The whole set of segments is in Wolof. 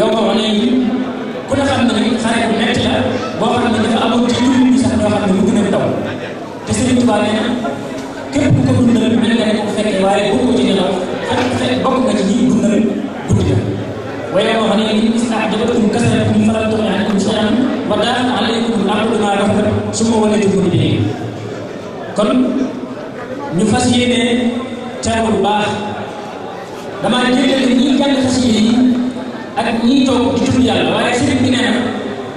yow ma wax léegi ku ne xam ne ni xare bu metti la boo xam ne dafa amoon ci jullit ñi sax ñoo xam ne mu gën daw te Sëriñ Tuubaa nee na képp ko ne ko fekkee waaye boo ko ci nelaw fekk bokk nga ci ñi dundal guddi alaykum al-ardu bimaa kasabat summa wallaytum mudbirin kon ñu fas yéene teewul baax damaa jëlee ñi jàng fas yéene ak ñiy toog di tudd waaye sëriñ bi nee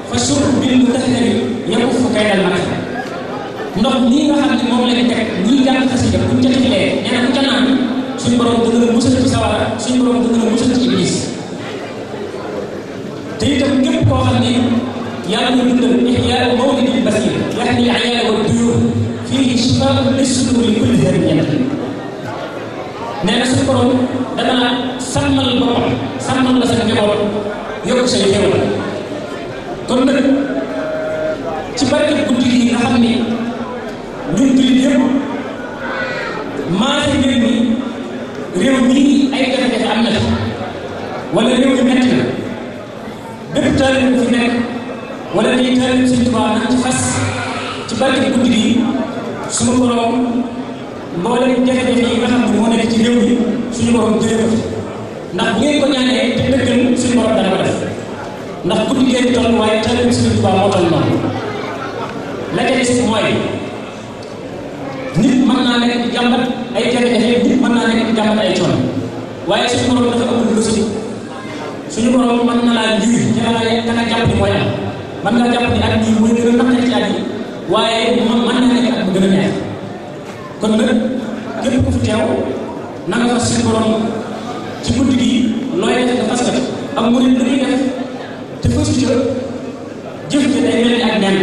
fa sur bil mu tax na ni yàqu fa kay nii nga xam ne moom la ñu teg ñiy jàng xasida bu ñu ca tilee nee na ku ca naan suñu borom dëgg la musal ci sawara suñu borom dëgg la musal ci iblis te itam képp koo xam ne yàlla na dundal ihyaa mawlidil basiir danaa sàmmal boppam la sa njaboot yokk say xéwal kon nag ci barke guddi gi nga xam ni ñun jullit yëpp maase ngeen ni réew mii ay jafe-jafe am na fi wala réew mi metti na bépp taalib fi nekk wala day taalib Sëñ Tuubaa nag ci fas ci barke guddi gi suma borom mbooleem jafe-jafe yi nga xam ne moo nekk ci réew mi suñu borom jëlee ko ndax bu ngeen ko ndax ku ngeen toll waaye naa nekk ni ak nii mooy gën a naqari ci at yi waaye mën na nekk ak bu kon nag képp ku fi teew. nanga nga suñu borom ci guddi gi nooy def nga fas ko ak murid lu muy def te fasu ca jëf ji day mel ni ak nen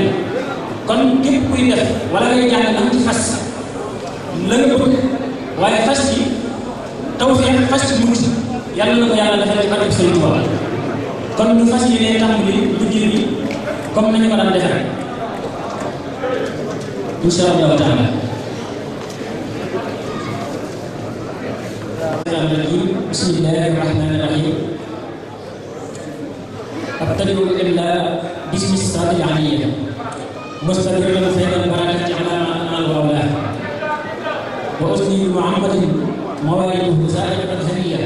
kon képp kuy def wala ngay jàng na ci fas la nga bëgg waaye fas yi taw fee fas ci mucc yàlla na ko yàlla defal ci barke Sëriñ Tuuba kon ñu fas yi ne tàmbali liggéey bi comme nañu ko daan defee incha allahu taala الشيطان الرجيم بسم الله الرحمن الرحيم أبتدئ إلا باسم الصاد العلي مستدرك خير البركة على ما أنال مولاه وأثني بمحمد موالده زائدة هنية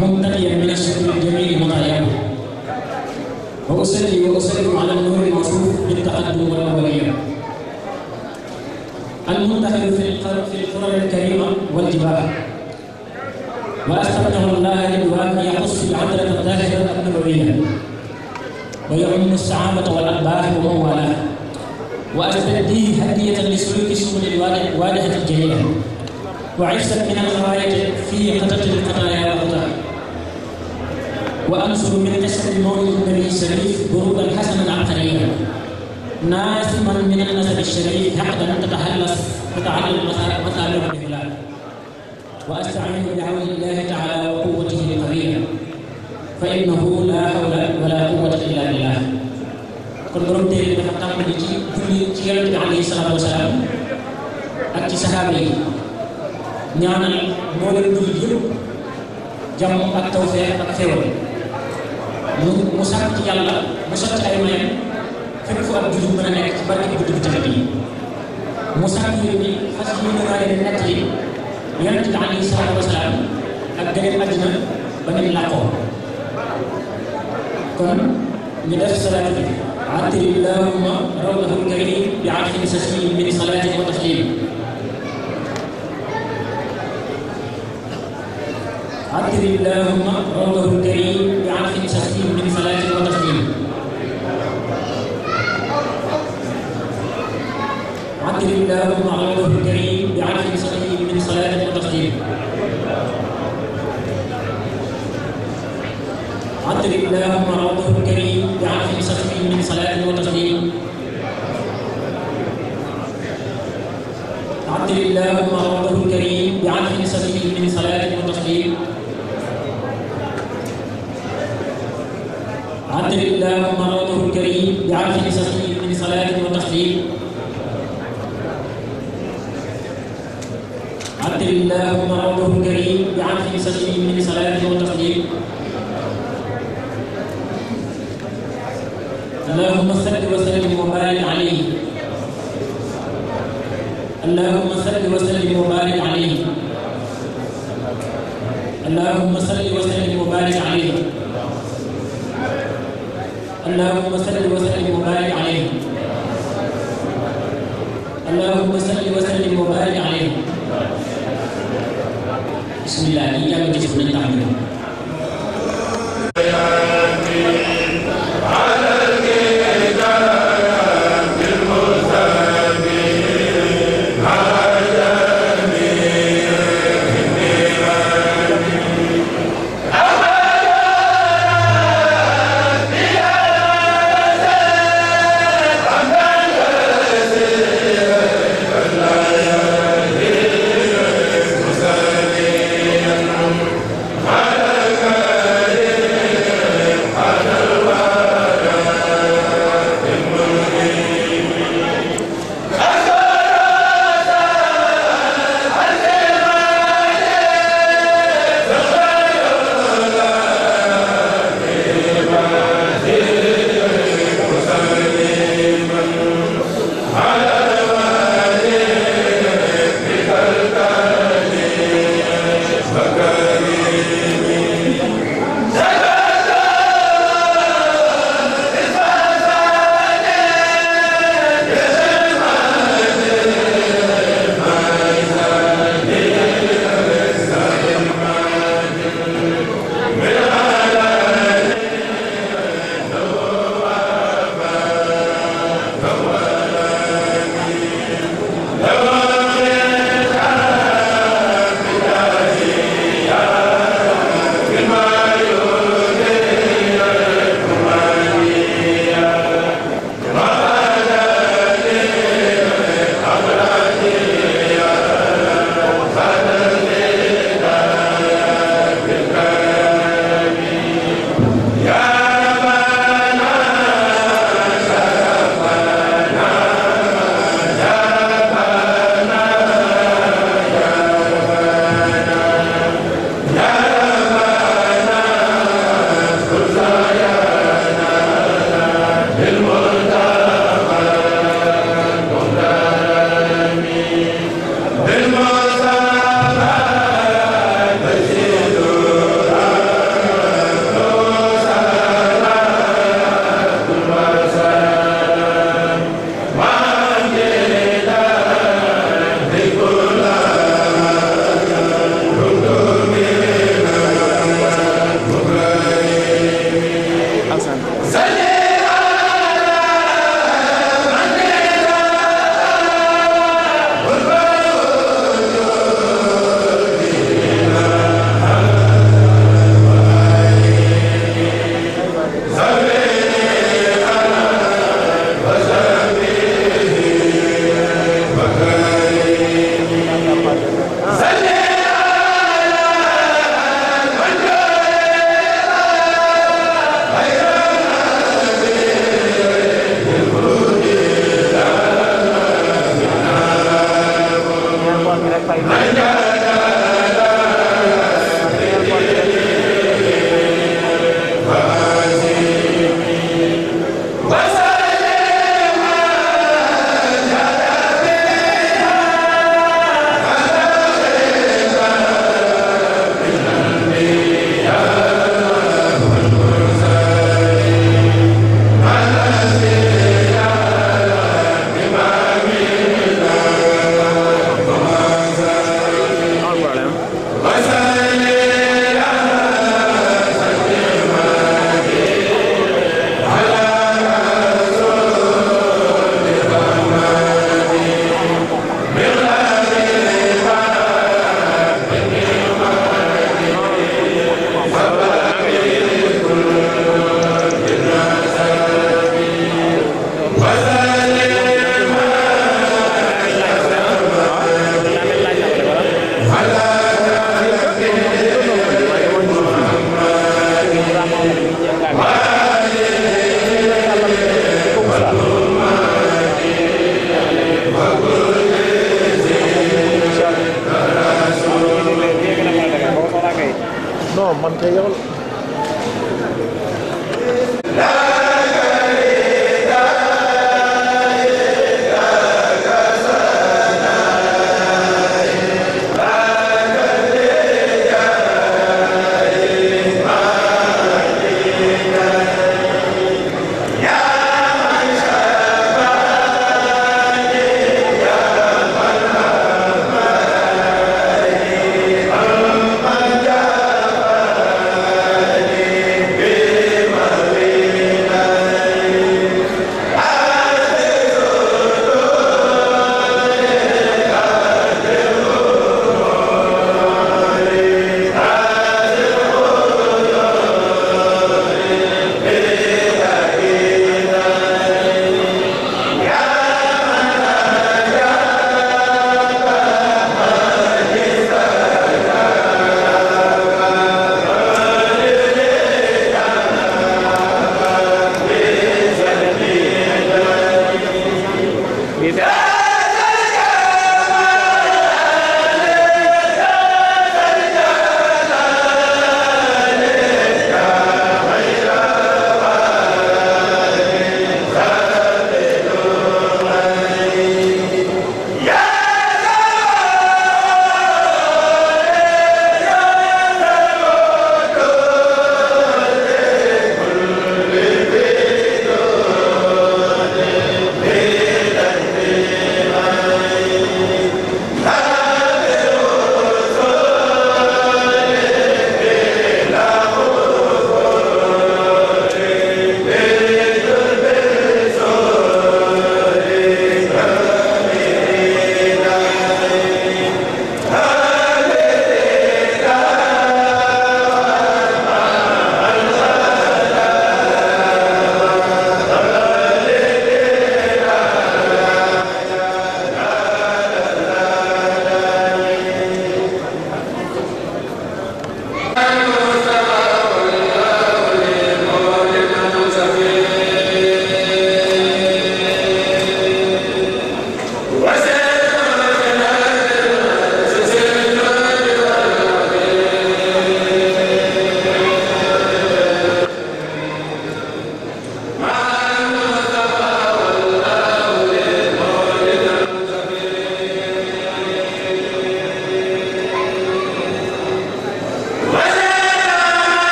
ممتلئا من الشكر الجميل مطاياه وأصلي وأسلم على النور الموصوف بالتقدم والأولية المنتخب في القرى الكريمة والجبال واستفتح الله لدوام يقص العدلة الظاهرة النبوية ويعم الصحابة والأتباع وموالاه وأستديه هدية لسلوك السبل الواضحة الجليلة وعفسا من الغاية في قطرة الخطايا والخطأ وأنصر من قصة المولد النبي الشريف برودا حسنا عقليا ناسما من النسب الشريف حقا تتحلص تتعلم مطالب الهلال وأستعين بعون الله تعالى وقوته القوية فإنه لا حول ولا قوة إلا بالله kon borom téere bi dafa tàmbali ci julli ci yonent bi alayhi salaatu wasalaam ak ci saxaaba yi ñaanal moo leen dul yëpp jàmm ak tawfeex ak xéwal mu mu sant yàlla mu sant ay mayam fépp fu ab jullit mën a nekk ci barke guddi bi tamit yi mu sant yooyu fas yéene naa leen nett yi yonent bi alayhi salaatu wa salaam ak gane àddina ba ngeen làqoo kon ñu def salaatu bi عطر اللهم روضه الكريم بعرش سسيم من صلاة وتسليم عطر اللهم روضه الكريم بعرش سسيم من صلاة وتسليم عطر اللهم واقترب اللهم روضه الكريم وعافه بسخفه من صلاة وتسليم عبد اللهم روضه الكريم بعدل سبيل من صلاة وتسليم عبد اللهم روضه الكريم بعدل سبيل من صلاة وتسليم عبد اللهم روضه الكريم بعدل سبيل من صلاة وتسليم اللهم صل وسلم وبارك عليه اللهم صل وسلم وبارك عليه اللهم صل وسلم وبارك عليه اللهم صل وسلم وبارك عليه اللهم صل وسلم وبارك عليه بسم الله يا رب